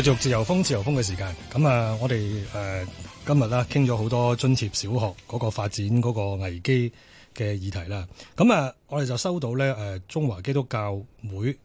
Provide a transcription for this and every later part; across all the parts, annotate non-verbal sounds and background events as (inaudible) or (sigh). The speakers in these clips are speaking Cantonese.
繼續自由風自由風嘅時間，咁啊，我哋誒、呃、今日啦，傾咗好多津貼小學嗰個發展嗰個危機嘅議題啦，咁啊，我哋就收到呢誒、呃、中華基督教會誒、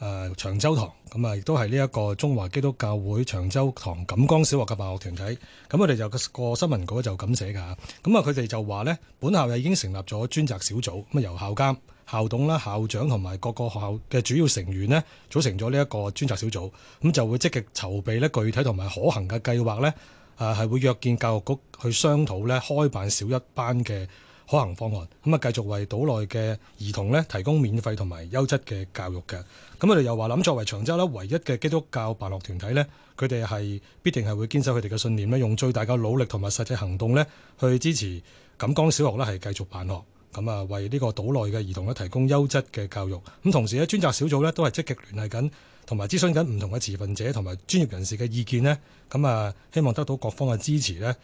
呃、長洲堂，咁啊亦都係呢一個中華基督教會長洲堂錦江小學嘅辦學團體，咁我哋就，個新聞稿就咁寫噶，咁啊佢哋就話呢，本校已經成立咗專責小組，咁啊由校監。校董啦、校長同埋各個學校嘅主要成員呢，組成咗呢一個專責小組，咁就會積極籌備呢具體同埋可行嘅計劃呢誒係會約見教育局去商討呢開辦小一班嘅可行方案，咁啊繼續為島內嘅兒童呢提供免費同埋優質嘅教育嘅。咁佢哋又話諗作為長洲呢唯一嘅基督教辦學團體呢，佢哋係必定係會堅守佢哋嘅信念呢，用最大嘅努力同埋實際行動呢去支持錦江小學呢係繼續辦學。咁啊，為呢個島內嘅兒童咧提供優質嘅教育。咁同時咧，專責小組咧都係積極聯繫緊。同埋諮詢緊唔同嘅持份者同埋專業人士嘅意見呢，咁啊，希望得到各方嘅支持呢，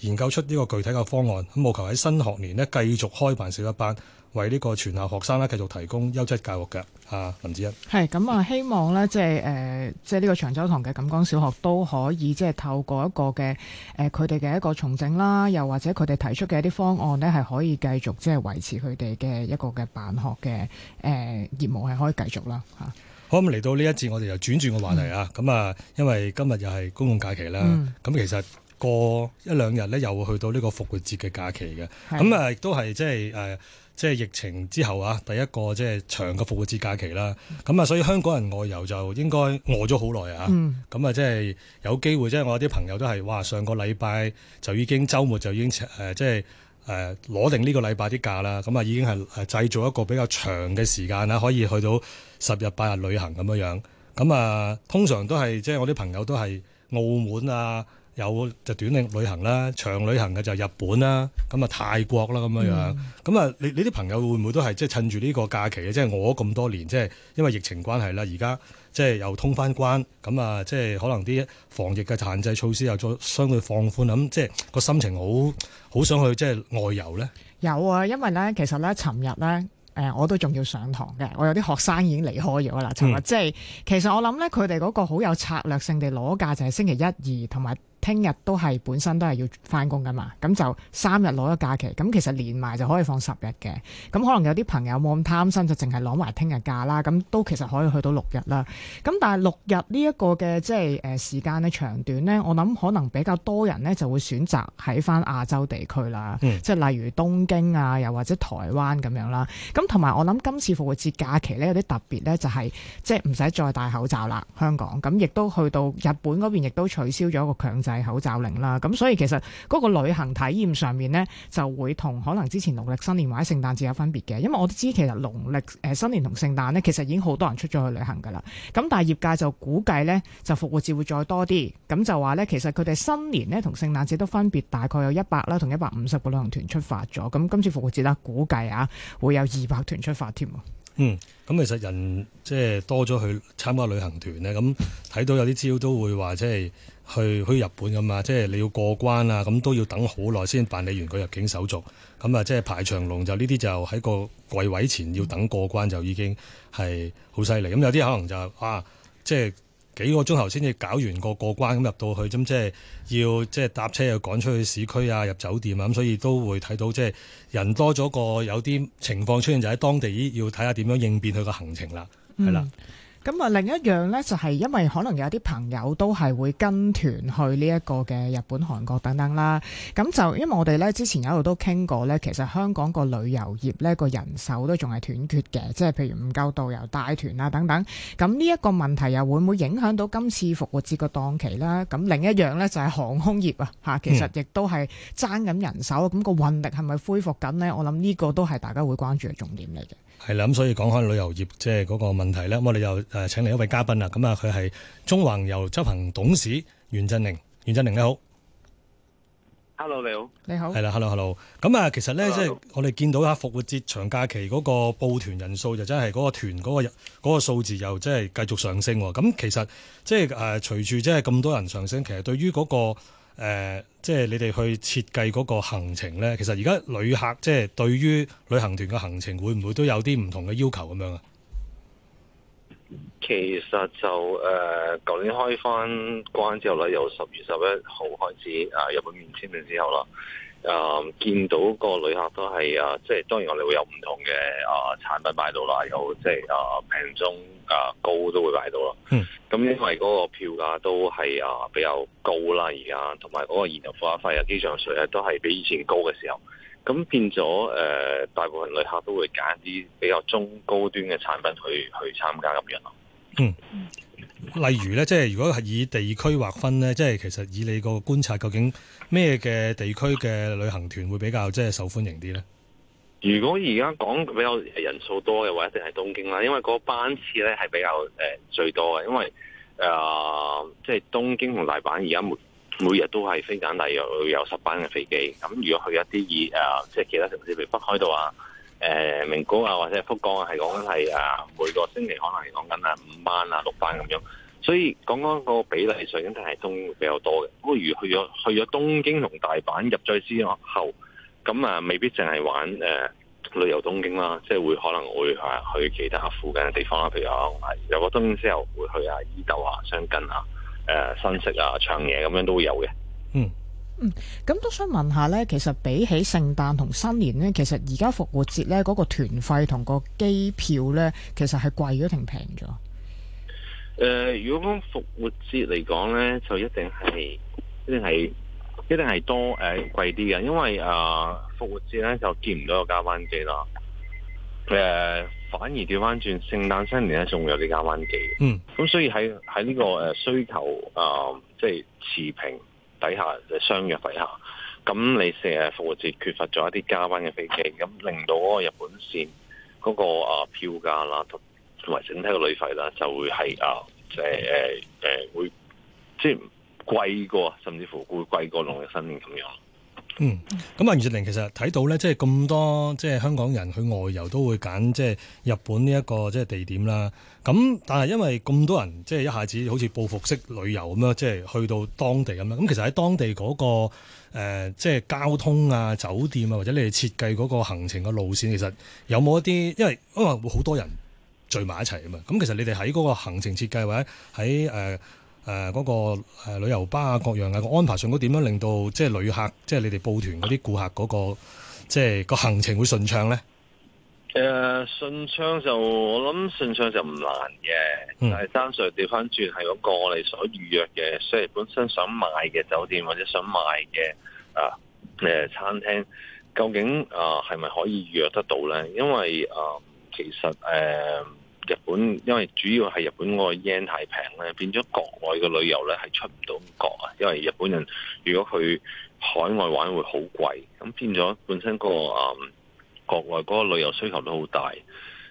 研究出呢個具體嘅方案，咁務求喺新學年呢，繼續開辦小一班，為呢個全校學生呢，繼續提供優質教育嘅啊林志欣。係咁啊，希望呢，即係即係呢個長洲堂嘅錦江小學都可以即係、就是、透過一個嘅佢哋嘅一個重整啦，又或者佢哋提出嘅一啲方案呢，係可以繼續即係、就是、維持佢哋嘅一個嘅辦學嘅誒、呃、業務係可以繼續啦、啊好咁嚟到呢一節，我哋又轉轉個話題啊。咁啊、嗯，因為今日又係公共假期啦。咁、嗯、其實過一兩日咧，又會去到呢個復活節嘅假期嘅。咁啊、嗯，亦都係即係即係疫情之後啊，第一個即係長嘅復活節假期啦。咁啊、嗯，所以香港人外遊就應該餓咗好耐啊。咁啊、嗯，嗯、即係有機會，即係我啲朋友都係哇，上個禮拜就已經周末就已經、呃、即係。誒攞定呢個禮拜啲假啦，咁、嗯、啊已經係誒製造一個比較長嘅時間啦，可以去到十日八日旅行咁樣咁啊、嗯，通常都係即係我啲朋友都係澳門啊，有就短令旅行啦，長旅行嘅就日本啦、啊，咁、嗯、啊泰國啦咁樣咁啊、嗯嗯，你你啲朋友會唔會都係即係趁住呢個假期？即係我咁多年，即係因為疫情關係啦，而家。即係又通翻關，咁啊，即係可能啲防疫嘅限制措施又再相對放寬，咁即係個心情好，好想去即係外遊咧。有啊，因為咧，其實咧，尋日咧，誒，我都仲要上堂嘅，我有啲學生已經離開咗啦。尋日、嗯、即係其實我諗咧，佢哋嗰個好有策略性地攞價，就係、係、星期一二同埋，聽日都係本身都係要翻工噶嘛，咁就三日攞咗假期，咁其實連埋就可以放十日嘅。咁可能有啲朋友冇咁貪心，就淨係攞埋聽日假啦，咁都其實可以去到六日啦。咁但係六日呢一個嘅即係誒時間咧長短咧，我諗可能比較多人咧就會選擇喺翻亞洲地區啦，即係、嗯、例如東京啊，又或者台灣咁樣啦。咁同埋我諗今次復活節假期咧有啲特別咧、就係，就係即係唔使再戴口罩啦，香港。咁亦都去到日本嗰邊，亦都取消咗一個強。戴口罩令啦，咁所以其實嗰個旅行體驗上面呢，就會同可能之前農曆新年或者聖誕節有分別嘅。因為我都知其實農曆誒新年同聖誕呢，其實已經好多人出咗去了旅行噶啦。咁但係業界就估計呢，就復活節會再多啲。咁就話呢、嗯，其實佢哋新年呢，同聖誕節都分別大概有一百啦，同一百五十個旅行團出發咗。咁今次復活節啦，估計啊，會有二百團出發添。嗯，咁其實人即係多咗去參加旅行團呢，咁睇到有啲資料都會話即係。去去日本咁啊，即係你要過關啊，咁都要等好耐先辦理完個入境手續，咁啊即係排長龍就呢啲就喺個櫃位前要等過關就已經係好犀利，咁有啲可能就啊即係幾個鐘頭先至搞完個過關，咁入到去咁即係要即係搭車又趕出去市區啊，入酒店啊，咁所以都會睇到即係人多咗個有啲情況出現，就喺當地要睇下點樣應變佢個行程，嗯、啦，係啦。咁啊，另一樣呢就係因為可能有啲朋友都係會跟團去呢一個嘅日本、韓國等等啦。咁就因為我哋呢之前有一度都傾過呢，其實香港個旅遊業呢個人手都仲係斷缺嘅，即係譬如唔夠導遊帶團啊等等。咁呢一個問題又會唔會影響到今次復活節嘅檔期啦？咁另一樣呢就係航空業啊，吓，其實亦都係爭緊人手，咁個、嗯、運力係咪恢復緊呢？我諗呢個都係大家會關注嘅重點嚟嘅。係啦，咁所以講開旅遊業，即係嗰個問題咧。咁我哋又誒，請嚟一位嘉賓啦。咁啊，佢係縱橫遊執行董事袁振寧。袁振寧你好，Hello，你好，你好係啦，Hello，Hello。咁 Hello, 啊，其實咧，即係 Hello. 我哋見到下復活節長假期嗰個報團人數，就真係嗰個團嗰個、嗰個數字又即係繼續上升。咁其實即係誒，隨住即係咁多人上升，其實對於嗰、嗰個。誒、呃，即係你哋去設計嗰個行程呢？其實而家旅客即係對於旅行團嘅行程，會唔會都有啲唔同嘅要求咁樣啊？其實就誒，舊、呃、年開翻關之後咧，由十月十一號開始啊，日本免簽之後啦誒、嗯，見到個旅客都係啊，即係當然我哋會有唔同嘅誒、啊、產品買到啦，有即係誒、啊、平中誒、啊、高都會買到啦。嗯。咁因為嗰個票價都係啊比較高啦，而家同埋嗰個燃油附加費啊、機場稅啊都係比以前高嘅時候，咁變咗誒、啊、大部分旅客都會揀啲比較中高端嘅產品去去參加咁樣咯。嗯。例如咧，即係如果係以地區劃分咧，即係其實以你個觀察，究竟咩嘅地區嘅旅行團會比較即係受歡迎啲咧？如果而家講比較人數多嘅話，一定係東京啦，因為個班次咧係比較誒最多嘅，因為誒即係東京同大阪而家每每日都係飛緊，例又有十班嘅飛機。咁如果去一啲以誒即係其他城市譬如北海道啊。誒名古啊，或者福岡啊，係講緊係啊每個星期可能係講緊啊五班啊六班咁樣，所以講講個比例上應該係東京比較多嘅。不過如果去咗去咗東京同大阪入咗之後，咁啊未必淨係玩誒旅遊東京啦，即係會可能會係去其他附近嘅地方啦。譬如話，有個東京之後會去啊伊豆啊、箱根啊、誒新宿啊、長野咁樣都會有嘅。嗯。嗯，咁都想問下咧，其實比起聖誕同新年咧，其實而家復活節咧嗰個團費同個機票咧，其實係貴咗定平咗？誒、呃，如果講復活節嚟講咧，就一定係一定係一定係多誒貴啲嘅，因為誒復、呃、活節咧就見唔到有加班機啦。誒、呃，反而調翻轉聖誕新年咧仲有幾加班機。嗯，咁所以喺喺呢個誒需求誒、呃、即係持平。底下就相約底下，咁你四日復活節缺乏咗一啲加班嘅飛機，咁令到嗰日本線嗰個啊票價啦，同埋整體嘅旅費啦，就會係啊誒誒誒會即係貴過，甚至乎會貴過農曆新年咁樣。嗯，咁啊，袁振寧，其實睇到咧，即係咁多即係香港人去外遊都會揀即係日本呢一個即係地點啦。咁但係因為咁多人即係一下子好似報復式旅遊咁樣，即係去到當地咁樣。咁其實喺當地嗰、嗰個、呃、即係交通啊、酒店啊，或者你哋設計嗰個行程嘅路線，其實有冇一啲？因為因為會好多人聚埋一齊啊嘛。咁其實你哋喺嗰個行程設計或者喺誒。呃誒，嗰、呃那個誒、呃、旅遊巴啊，各樣嘅個安排上，都點樣令到即係旅客，即係你哋報團嗰啲顧客嗰、那個即係、那個行程會順暢咧？誒、呃，順暢就我諗順暢就唔難嘅，嗯、但係單純調翻轉係嗰個我哋所預約嘅，所以本身想買嘅酒店或者想買嘅啊誒餐廳，究竟啊係咪可以預約得到咧？因為、呃、其實誒。呃日本因為主要係日本個 yen 太平咧，變咗國外嘅旅遊咧係出唔到國啊！因為日本人如果去海外玩會好貴，咁變咗本身、那個啊、嗯、國外嗰個旅遊需求都好大，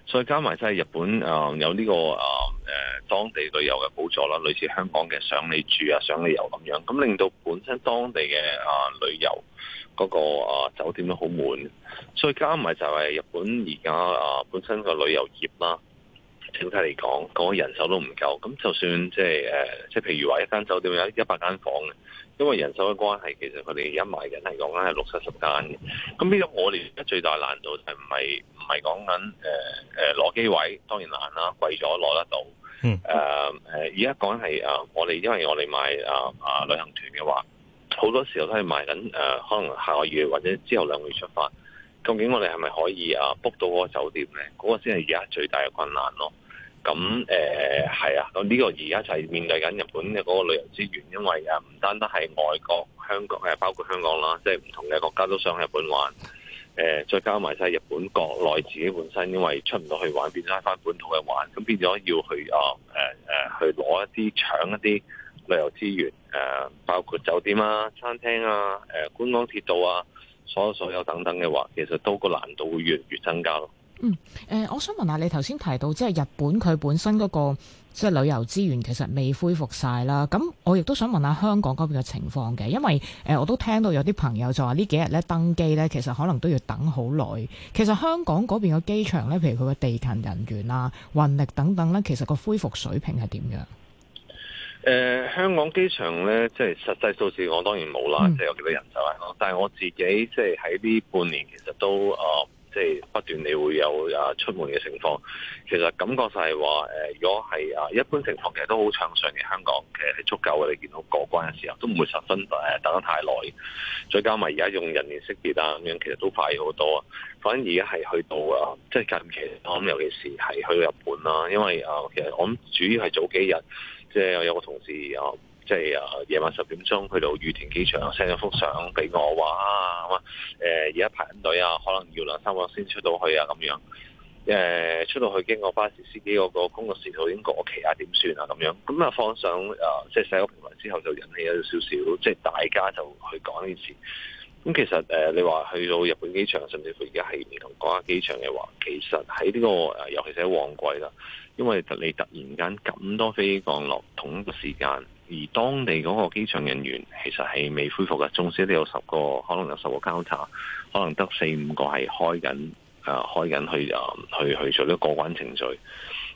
所以加埋真係日本啊、嗯、有呢、這個啊誒、嗯、當地旅遊嘅補助啦，類似香港嘅賞你住啊、賞你遊咁樣，咁令到本身當地嘅啊旅遊嗰、那個啊酒店都好滿，所以加埋就係日本而家啊本身個旅遊業啦。整體嚟講，嗰個人手都唔夠。咁就算即係誒，即、呃、係譬如話一間酒店有一百間房嘅，因為人手嘅關係，其實佢哋而家賣緊係講緊係六七十間嘅。咁呢個我哋而家最大難度就係唔係唔係講緊誒誒攞機位，當然難啦，貴咗攞得到。嗯誒而家講係啊，我 (noise) 哋、呃呃、因為我哋買啊啊、呃呃、旅行團嘅話，好多時候都係賣緊誒，可能下個月或者之後兩個月出發。究竟我哋係咪可以啊 book 到嗰個酒店咧？嗰、那個先係而家最大嘅困難咯。咁誒係啊！咁、這、呢個而家就係面對緊日本嘅嗰個旅遊資源，因為啊，唔單單係外國、香港、包括香港啦，即係唔同嘅國家都想去日本玩。誒、呃，再加埋晒日本國內自己本身，因為出唔到去玩，變咗翻本土去玩，咁變咗要去啊、呃呃、去攞一啲搶一啲旅遊資源誒、呃，包括酒店啊、餐廳啊、誒、呃、觀光鐵道啊，所有所有等等嘅話，其實都個難度會越來越增加咯。嗯，誒、呃，我想問下你頭先提到，即係日本佢本身嗰個即係旅遊資源其實未恢復晒啦。咁我亦都想問下香港嗰邊嘅情況嘅，因為誒、呃、我都聽到有啲朋友就話呢幾日咧登機咧，其實可能都要等好耐。其實香港嗰邊嘅機場咧，譬如佢嘅地勤人員啊、運力等等咧，其實個恢復水平係點樣？誒、呃，香港機場咧，即係實際數字我當然冇啦，即係、嗯、有幾多人手、就、啊、係。但係我自己即係喺呢半年，其實都啊。呃即係不斷你會有啊出門嘅情況，其實感覺就係話誒，如果係啊一般情況其常常，其實都好暢順嘅。香港其實係足夠嘅，你見到過關嘅時候都唔會十分誒等得太耐。再加埋而家用人臉識別啊咁樣，其實都快好多。反而而家係去到啊，即係近期，我諗尤其是係去到日本啦，因為啊其實我諗主要係早幾日，即係有個同事啊。即係啊，夜晚十點鐘去到羽田機場，send 咗幅相俾我，哇！啊，誒而家排緊隊啊，可能要兩三個先出到去啊，咁樣誒出到去經過巴士司機嗰個工作時數已經過期啊，點算啊？咁樣咁啊，放上誒即係社交平台之後，就引起咗少少，即係大家就去講呢件事。咁其實誒，你話去到日本機場，甚至乎而家係唔同港亞機場嘅話，其實喺呢個誒，尤其是喺旺季啦，因為你突然間咁多飛機降落同一個時間。而當地嗰個機場人員其實係未恢復嘅，縱使都有十個，可能有十個交叉，可能得四五個係開緊、啊，開緊去，、啊、去，去，去做去去做過關程序。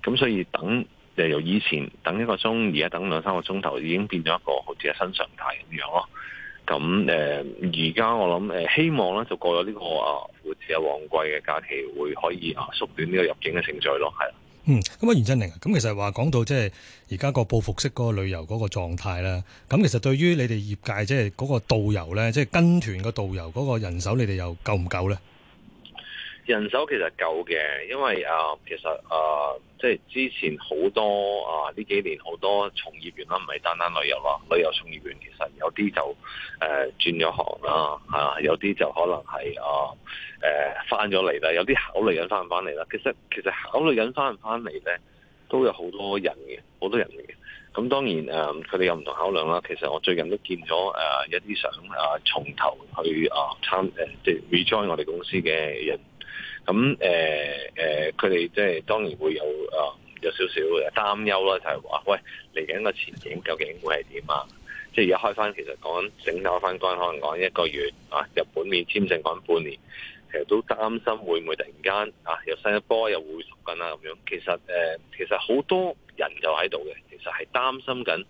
咁所以等由以前等一個鐘，而家等兩三個鐘頭已經變咗一個好似係新常態咁樣咯。咁而家我諗希望咧就過咗呢、這個啊，好似旺季嘅假期會可以縮短呢個入境嘅程序咯，係。嗯，咁啊袁振寧，咁其實話講到即係而家個報復式嗰個旅遊嗰個狀態啦，咁其實對於你哋業界即係嗰個導遊咧，即係跟團個導遊嗰個人手，你哋又夠唔夠咧？人手其實夠嘅，因為啊，其實啊，即係之前好多啊，呢幾年好多從業員啦，唔係單單旅遊啦，旅遊從業員其實有啲就誒、呃、轉咗行啦，係、啊、有啲就可能係啊誒翻咗嚟啦，有啲考慮緊翻唔翻嚟啦。其實其實考慮緊翻唔翻嚟咧，都有好多人嘅，好多人嘅。咁當然誒，佢、呃、哋有唔同考量啦。其實我最近都見咗誒一啲想啊從、呃、頭去啊參、呃、誒即係 rejoin 我哋公司嘅人。咁誒誒佢哋即係當然會有、呃、有少少擔憂啦，就係話喂嚟緊個前景究竟會係點啊？即係而家開翻，其實講整攪翻關，可能講一個月啊，日本面簽證講半年，其實都擔心會唔會突然間啊又新一波又會縮緊啊咁樣。其實誒其實好多人就喺度嘅，其實係擔心緊誒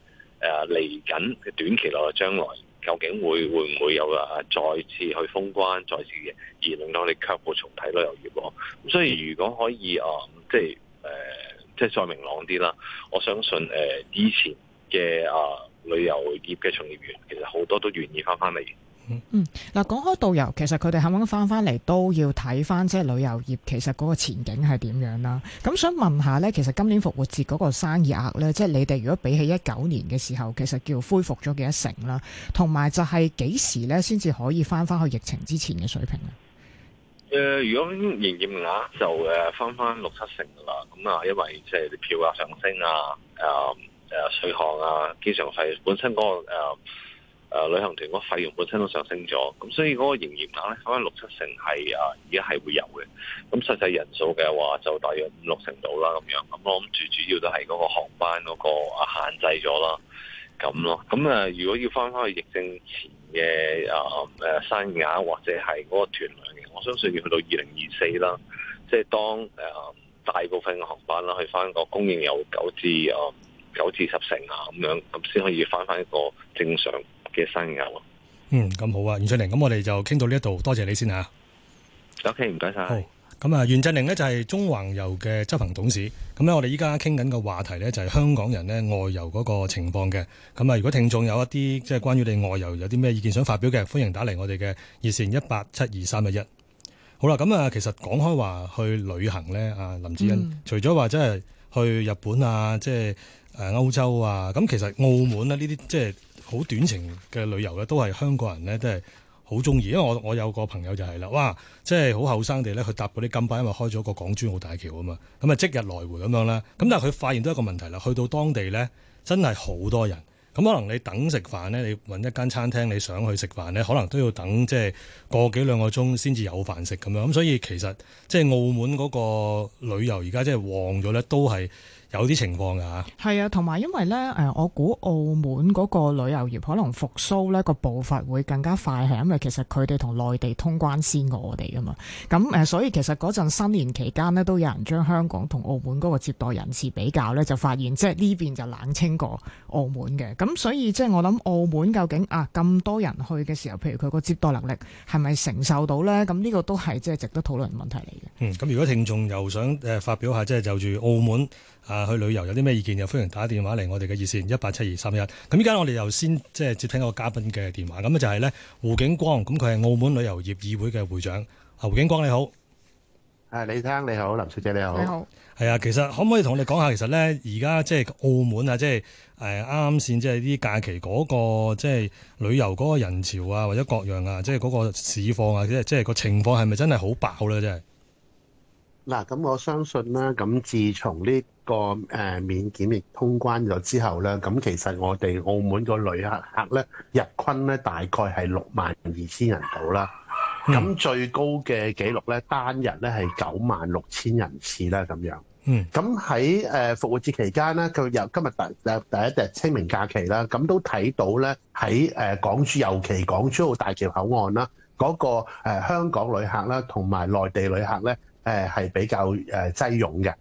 嚟緊嘅短期內嘅將來。究竟會會唔會有啊？再次去封關，再次嘅而令到我哋卻步重睇旅遊業。咁所以如果可以啊、嗯，即係、呃、即係再明朗啲啦。我相信誒，以前嘅啊、呃、旅遊業嘅從業員，其實好多都願意翻返嚟。嗯，嗱，講開導遊，其實佢哋肯唔肯翻翻嚟都要睇翻，即係旅遊業其實嗰個前景係點樣啦。咁想問下呢，其實今年復活節嗰個生意額呢？即係你哋如果比起一九年嘅時候，其實叫恢復咗幾多成啦？同埋就係幾時呢？先至可以翻翻去疫情之前嘅水平咧？誒、呃，如果營業額就誒翻翻六七成噶啦，咁啊，因為即係啲票額上升啊，誒誒稅項啊，機場費本身嗰，那個誒。呃誒、呃呃、旅行團嗰費用本身都上升咗，咁所以嗰個營業額咧，可能六七成係啊，而家係會有嘅。咁實際人數嘅話，就大約五六成度啦咁樣。咁我諗最主要都係嗰個航班嗰個限制咗啦，咁咯。咁啊、呃，如果要翻翻去疫症前嘅啊誒生意額或者係嗰個團量，我相信要去到二零二四啦。即係當誒、呃、大部分嘅航班啦，去翻個供應有九至啊九至十成啊咁樣，咁先可以翻翻一個正常。嘅生遊咯，嗯，咁好啊，袁振寧，咁我哋就傾到呢一度，多謝你先吓。O K，唔該晒。好，咁啊，okay, 謝謝哦、袁振寧呢，就係、是、縱橫遊嘅執行董事。咁咧，我哋依家傾緊嘅話題呢，就係、是、香港人呢外遊嗰個情況嘅。咁啊，如果聽眾有一啲即係關於你外遊有啲咩意見想發表嘅，歡迎打嚟我哋嘅熱線一八七二三一一。好啦，咁啊，其實講開話去旅行呢。啊，林志欣，嗯、除咗話即係去日本啊，即係誒歐洲啊，咁其實澳門啊呢啲即係。嗯好短程嘅旅遊咧，都係香港人咧，都係好中意。因為我我有個朋友就係啦，哇，即係好後生地咧，佢搭嗰啲金巴，因為開咗個港珠澳大橋啊嘛，咁啊即日來回咁樣啦。咁但係佢發現到一個問題啦，去到當地咧，真係好多人。咁可能你等食飯咧，你搵一間餐廳，你想去食飯咧，可能都要等即係個幾兩個鐘先至有飯食咁樣。咁所以其實即係澳門嗰個旅遊而家即係旺咗咧，都係。有啲情況㗎係啊，同埋、啊、因為呢，我估澳門嗰個旅遊業可能復甦呢、個步伐會更加快，係因為其實佢哋同內地通關先過我哋㗎嘛，咁所以其實嗰陣新年期間呢，都有人將香港同澳門嗰個接待人次比較呢，就發現即係呢邊就冷清過澳門嘅，咁所以即係我諗澳門究竟啊咁多人去嘅時候，譬如佢個接待能力係咪承受到呢？咁呢個都係即係值得討論嘅問題嚟嘅。嗯，咁如果聽眾又想誒發表下，即、就、係、是、就住澳門啊～去旅遊有啲咩意見，又歡迎打電話嚟我哋嘅熱線一八七二三一。咁依家我哋又先即係接聽一個嘉賓嘅電話。咁就係、是、咧胡景光，咁佢係澳門旅遊業議會嘅會長。阿胡景光你好，係李生你好，林小姐你好，你好。係好啊，其實可唔可以同我哋講下，其實咧而家即係澳門啊，即係誒啱啱先，即係啲假期嗰，那個即係、就是、旅遊嗰個人潮啊，或者各樣啊，即係嗰個市況啊，或者即係個情況係咪真係好爆咧？真係。嗱，咁我相信啦，咁自從呢個誒免檢疫通關咗之後咧，咁其實我哋澳門個旅客客咧，日均咧大概係六萬二千人度啦。咁最高嘅記錄咧，單日咧係九萬六千人次啦。咁樣，嗯，咁喺誒復活節期間咧，佢又今日第第第一隻清明假期啦，咁都睇到咧喺誒港珠尤其港珠澳大橋口岸啦，嗰個誒香港旅客啦，同埋內地旅客咧。誒係比較誒擠擁嘅，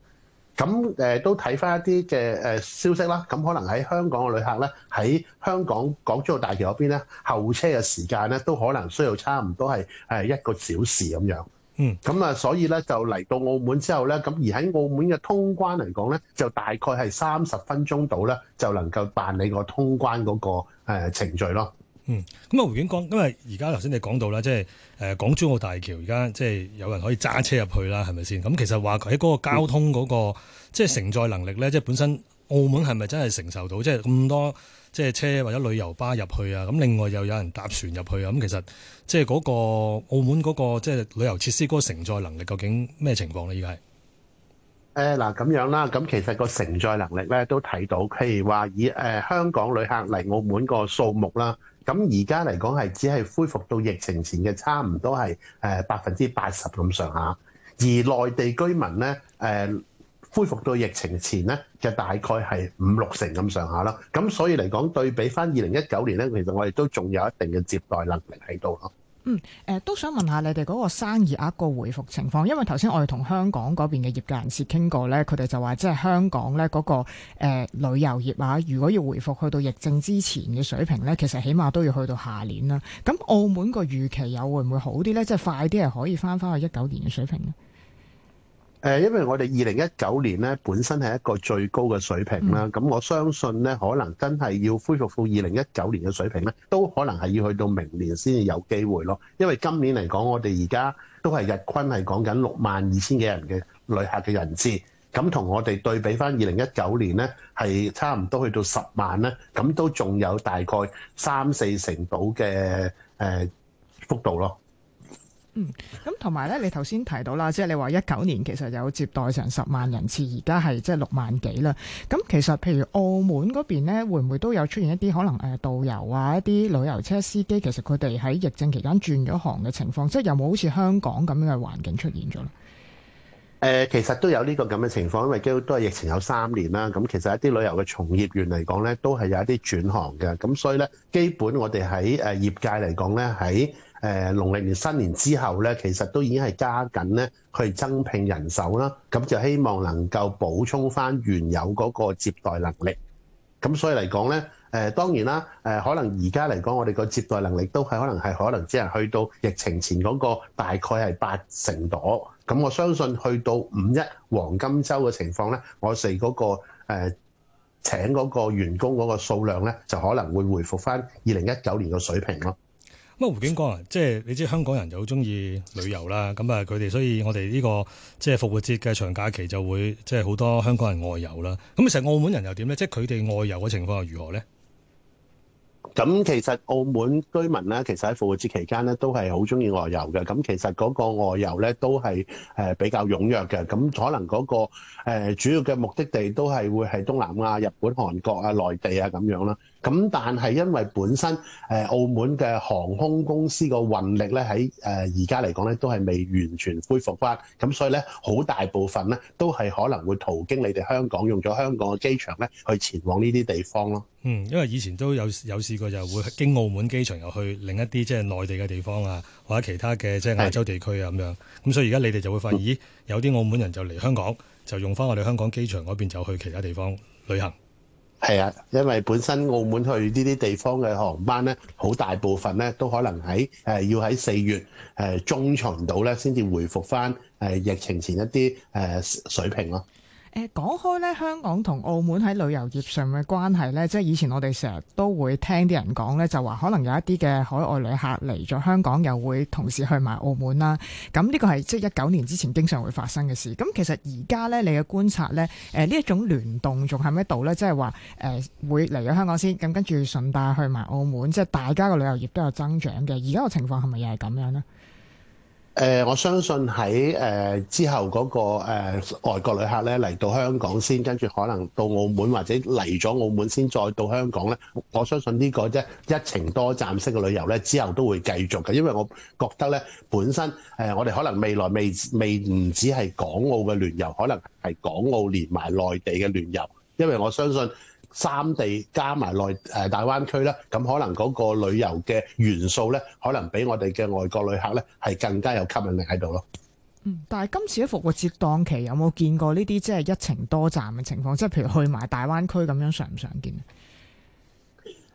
咁誒、呃、都睇翻一啲嘅誒消息啦，咁可能喺香港嘅旅客咧，喺香港港珠澳大橋嗰邊咧，候車嘅時間咧都可能需要差唔多係誒一個小時咁樣。嗯，咁啊，所以咧就嚟到澳門之後咧，咁而喺澳門嘅通關嚟講咧，就大概係三十分鐘到咧，就能夠辦理個通關嗰個程序咯。嗯，咁啊，胡景光，因為而家頭先你講到啦，即係誒港珠澳大橋，而家即係有人可以揸車入去啦，係咪先？咁其實話喺嗰個交通嗰個即係承載能力咧，即係本身澳門係咪真係承受到？即係咁多即係車或者旅遊巴入去啊？咁另外又有人搭船入去啊？咁其實即係嗰個澳門嗰個即係旅遊設施嗰個承載能力究竟咩情況咧？而家係誒嗱咁樣啦，咁其實個承載能力咧都睇到，譬如話以誒香港旅客嚟澳門個數目啦。咁而家嚟講係只係恢復到疫情前嘅差唔多係誒百分之八十咁上下，而內地居民咧誒恢復到疫情前咧就大概係五六成咁上下咯。咁所以嚟講對比翻二零一九年咧，其實我哋都仲有一定嘅接待能力喺度咯。嗯、呃，都想問下你哋嗰個生意額個回復情況，因為頭先我哋同香港嗰邊嘅業界人士傾過呢，佢哋就話即係香港呢、那、嗰個誒、呃、旅遊業啊，如果要回復去到疫症之前嘅水平呢，其實起碼都要去到下年啦。咁澳門個預期有會唔會好啲呢？即係快啲係可以翻翻去一九年嘅水平咧？誒，因為我哋二零一九年咧本身係一個最高嘅水平啦，咁我相信咧可能真係要恢復到二零一九年嘅水平咧，都可能係要去到明年先至有機會咯。因為今年嚟講，我哋而家都係日均係講緊六萬二千幾人嘅旅客嘅人次，咁同我哋對比返二零一九年咧，係差唔多去到十萬咧，咁都仲有大概三四成度嘅誒幅度咯。嗯，咁同埋咧，你頭先提到啦，即係你話一九年其實有接待成十萬人次，而家係即係六萬幾啦。咁其實譬如澳門嗰邊咧，會唔會都有出現一啲可能誒導遊啊、一啲旅遊車司機，其實佢哋喺疫症期間轉咗行嘅情況，即係有冇好似香港咁樣嘅環境出現咗咧？誒、呃，其實都有呢個咁嘅情況，因為都都係疫情有三年啦。咁其實一啲旅遊嘅從業員嚟講咧，都係有一啲轉行嘅。咁所以咧，基本我哋喺誒業界嚟講咧，喺誒農曆年新年之後咧，其實都已經係加緊咧去增聘人手啦，咁就希望能夠補充翻原有嗰個接待能力。咁所以嚟講咧，誒當然啦，誒可能而家嚟講，我哋個接待能力都係可能係可能只係去到疫情前嗰個大概係八成多。咁我相信去到五一黃金週嘅情況咧，我哋嗰、嗰個誒、呃、請嗰個員工嗰個數量咧，就可能會回復翻二零一九年嘅水平咯。咁胡景光啊？即係你知香港人就好中意旅遊啦，咁啊佢哋所以我哋呢個即係復活節嘅長假期就會即係好多香港人外遊啦。咁其實澳門人又點咧？即係佢哋外遊嘅情況又如何咧？咁其實澳門居民咧，其實喺復活節期間咧都係好中意外遊嘅。咁其實嗰個外遊咧都係比較踴躍嘅。咁可能嗰個主要嘅目的地都係會係東南亞啊、日本、韓國啊、內地啊咁樣啦。咁但係因為本身誒澳門嘅航空公司個運力咧喺誒而家嚟講咧都係未完全恢復翻，咁所以咧好大部分咧都係可能會途經你哋香港，用咗香港嘅機場咧去前往呢啲地方咯。嗯，因為以前都有有試過就係會經澳門機場又去另一啲即係內地嘅地方啊，或者其他嘅即係亞洲地區啊咁是樣。咁所以而家你哋就會發現，嗯、咦有啲澳門人就嚟香港，就用翻我哋香港機場嗰邊就去其他地方旅行。係啊，因為本身澳門去呢啲地方嘅航班咧，好大部分咧都可能喺、呃、要喺四月、呃、中旬到咧，先至回復返、呃、疫情前一啲、呃、水平咯。誒，講開咧，香港同澳門喺旅遊業上嘅關係咧，即係以前我哋成日都會聽啲人講咧，就話可能有一啲嘅海外旅客嚟咗香港，又會同時去埋澳門啦。咁呢個係即係一九年之前經常會發生嘅事。咁其實而家咧，你嘅觀察咧，誒，呢一種聯動仲喺咩度咧？即係話誒會嚟咗香港先，咁跟住順帶去埋澳門，即係大家嘅旅遊業都有增長嘅。而家個情況係咪又係咁樣咧？誒、呃，我相信喺誒、呃、之後嗰、那個、呃、外國旅客咧嚟到香港先，跟住可能到澳門或者嚟咗澳門先再到香港咧。我相信呢個一程多站式嘅旅遊咧，之後都會繼續嘅，因為我覺得咧本身誒、呃、我哋可能未來未未唔止係港澳嘅聯遊，可能係港澳連埋內地嘅聯遊，因為我相信。三地加埋內誒大灣區啦，咁可能嗰個旅遊嘅元素咧，可能比我哋嘅外國旅客咧係更加有吸引力喺度咯。嗯，但係今次喺復活節檔期有冇見過呢啲即係一程多站嘅情況？即係譬如去埋大灣區咁樣，常唔常見啊？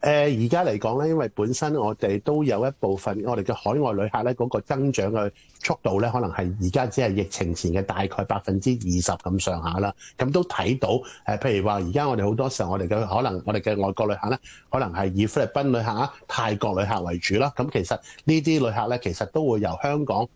誒而家嚟講咧，因為本身我哋都有一部分我哋嘅海外旅客咧，嗰個增長嘅速度咧，可能係而家只係疫情前嘅大概百分之二十咁上下啦。咁都睇到誒，譬如話而家我哋好多時候，我哋嘅可能我哋嘅外國旅客咧，可能係以菲律賓旅客啊、泰國旅客為主啦。咁其實呢啲旅客咧，其實都會由香港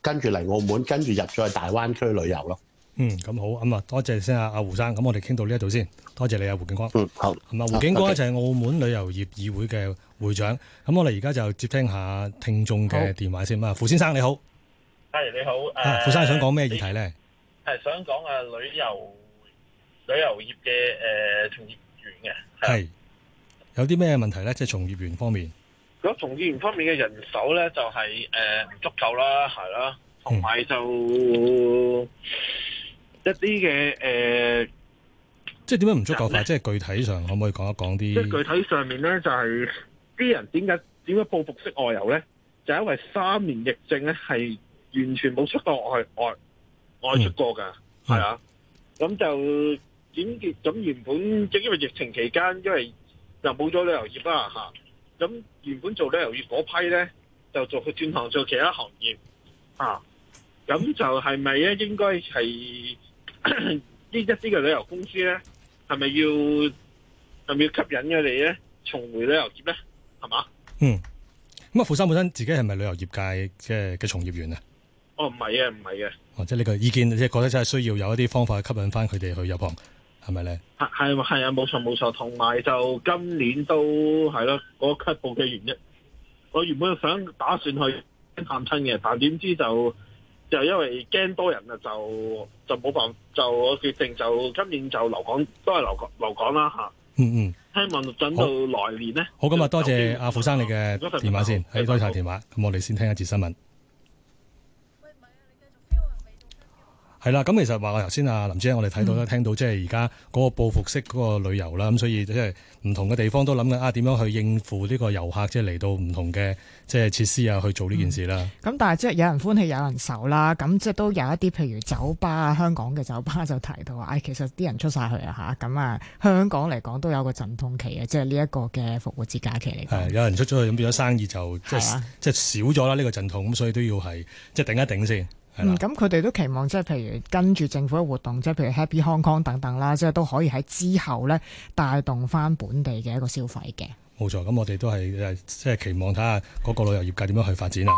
跟住嚟澳門，跟住入咗去大灣區旅遊咯。嗯，咁好，咁啊，多謝先阿阿胡生，咁我哋傾到呢一度先，多謝你啊，胡景光。嗯，好。咁啊，胡景光就係澳門旅遊業議會嘅會長，咁我哋而家就接聽下聽眾嘅電話先啊，胡先生你好，係你好，誒，胡生想講咩議題咧？係想講誒旅遊旅遊業嘅誒從業員嘅係有啲咩問題咧？即係從業員方面，如果從業員方面嘅人手咧就係誒唔足夠啦，係啦，同埋就。一啲嘅誒，呃、即係點解唔足夠快？即係具體上可唔可以講一講啲？即係具體上面咧，就係、是、啲人點解點解報復式外遊咧？就因為三年疫症咧，係完全冇出過外外外出過㗎，係、嗯、啊。咁、嗯、就點結咁原本即因為疫情期間，因為就冇咗旅遊業啦嚇。咁、啊、原本做旅遊業嗰批咧，就做佢轉行做其他行業啊。咁就係咪咧？應該係。嗯。呢一啲嘅旅遊公司咧，係咪要，係咪要吸引佢哋咧重回旅遊業咧？係嘛？嗯。咁啊，富生本身自己係咪旅遊業界即係嘅從業員啊？哦，唔係嘅，唔係嘅。哦，即係呢個意見，即係覺得真係需要有一啲方法去吸引翻佢哋去入行，係咪咧？係係係啊，冇錯冇錯。同埋就今年都係咯，個 cut 嘅原因。我原本想打算去探親嘅，但係點知就。就因為驚多人啊，就就冇辦法。就我決定就今年就留港，都係留港留港啦，嗯嗯，希望等到來年呢。好，咁啊，就今日多謝阿傅生你嘅電話先，喺、嗯嗯嗯、多謝電話，咁、嗯嗯、我哋先聽一節新聞。係啦，咁其實話我頭先啊林姐，我哋睇到啦，聽到即係而家嗰個報復式嗰個旅遊啦，咁所以即係唔同嘅地方都諗緊啊點樣去應付呢個遊客，即係嚟到唔同嘅即係設施啊去做呢件事啦。咁、嗯、但係即係有人歡喜有人愁啦，咁即係都有一啲譬如酒吧啊，香港嘅酒吧就提到話，唉、哎、其實啲人出晒去啊嚇，咁啊香港嚟講都有個陣痛期嘅，即係呢一個嘅復活節假期嚟。有人出咗去，咁變咗生意就即係吧少咗啦，呢個陣痛，咁所以都要係即係頂一頂先。嗯，咁佢哋都期望即係譬如跟住政府嘅活動，即係譬如 Happy Hong Kong 等等啦，即係都可以喺之後咧帶動翻本地嘅一個消費嘅。冇錯，咁我哋都係誒，即係期望睇下嗰個旅遊業界點樣去發展啊。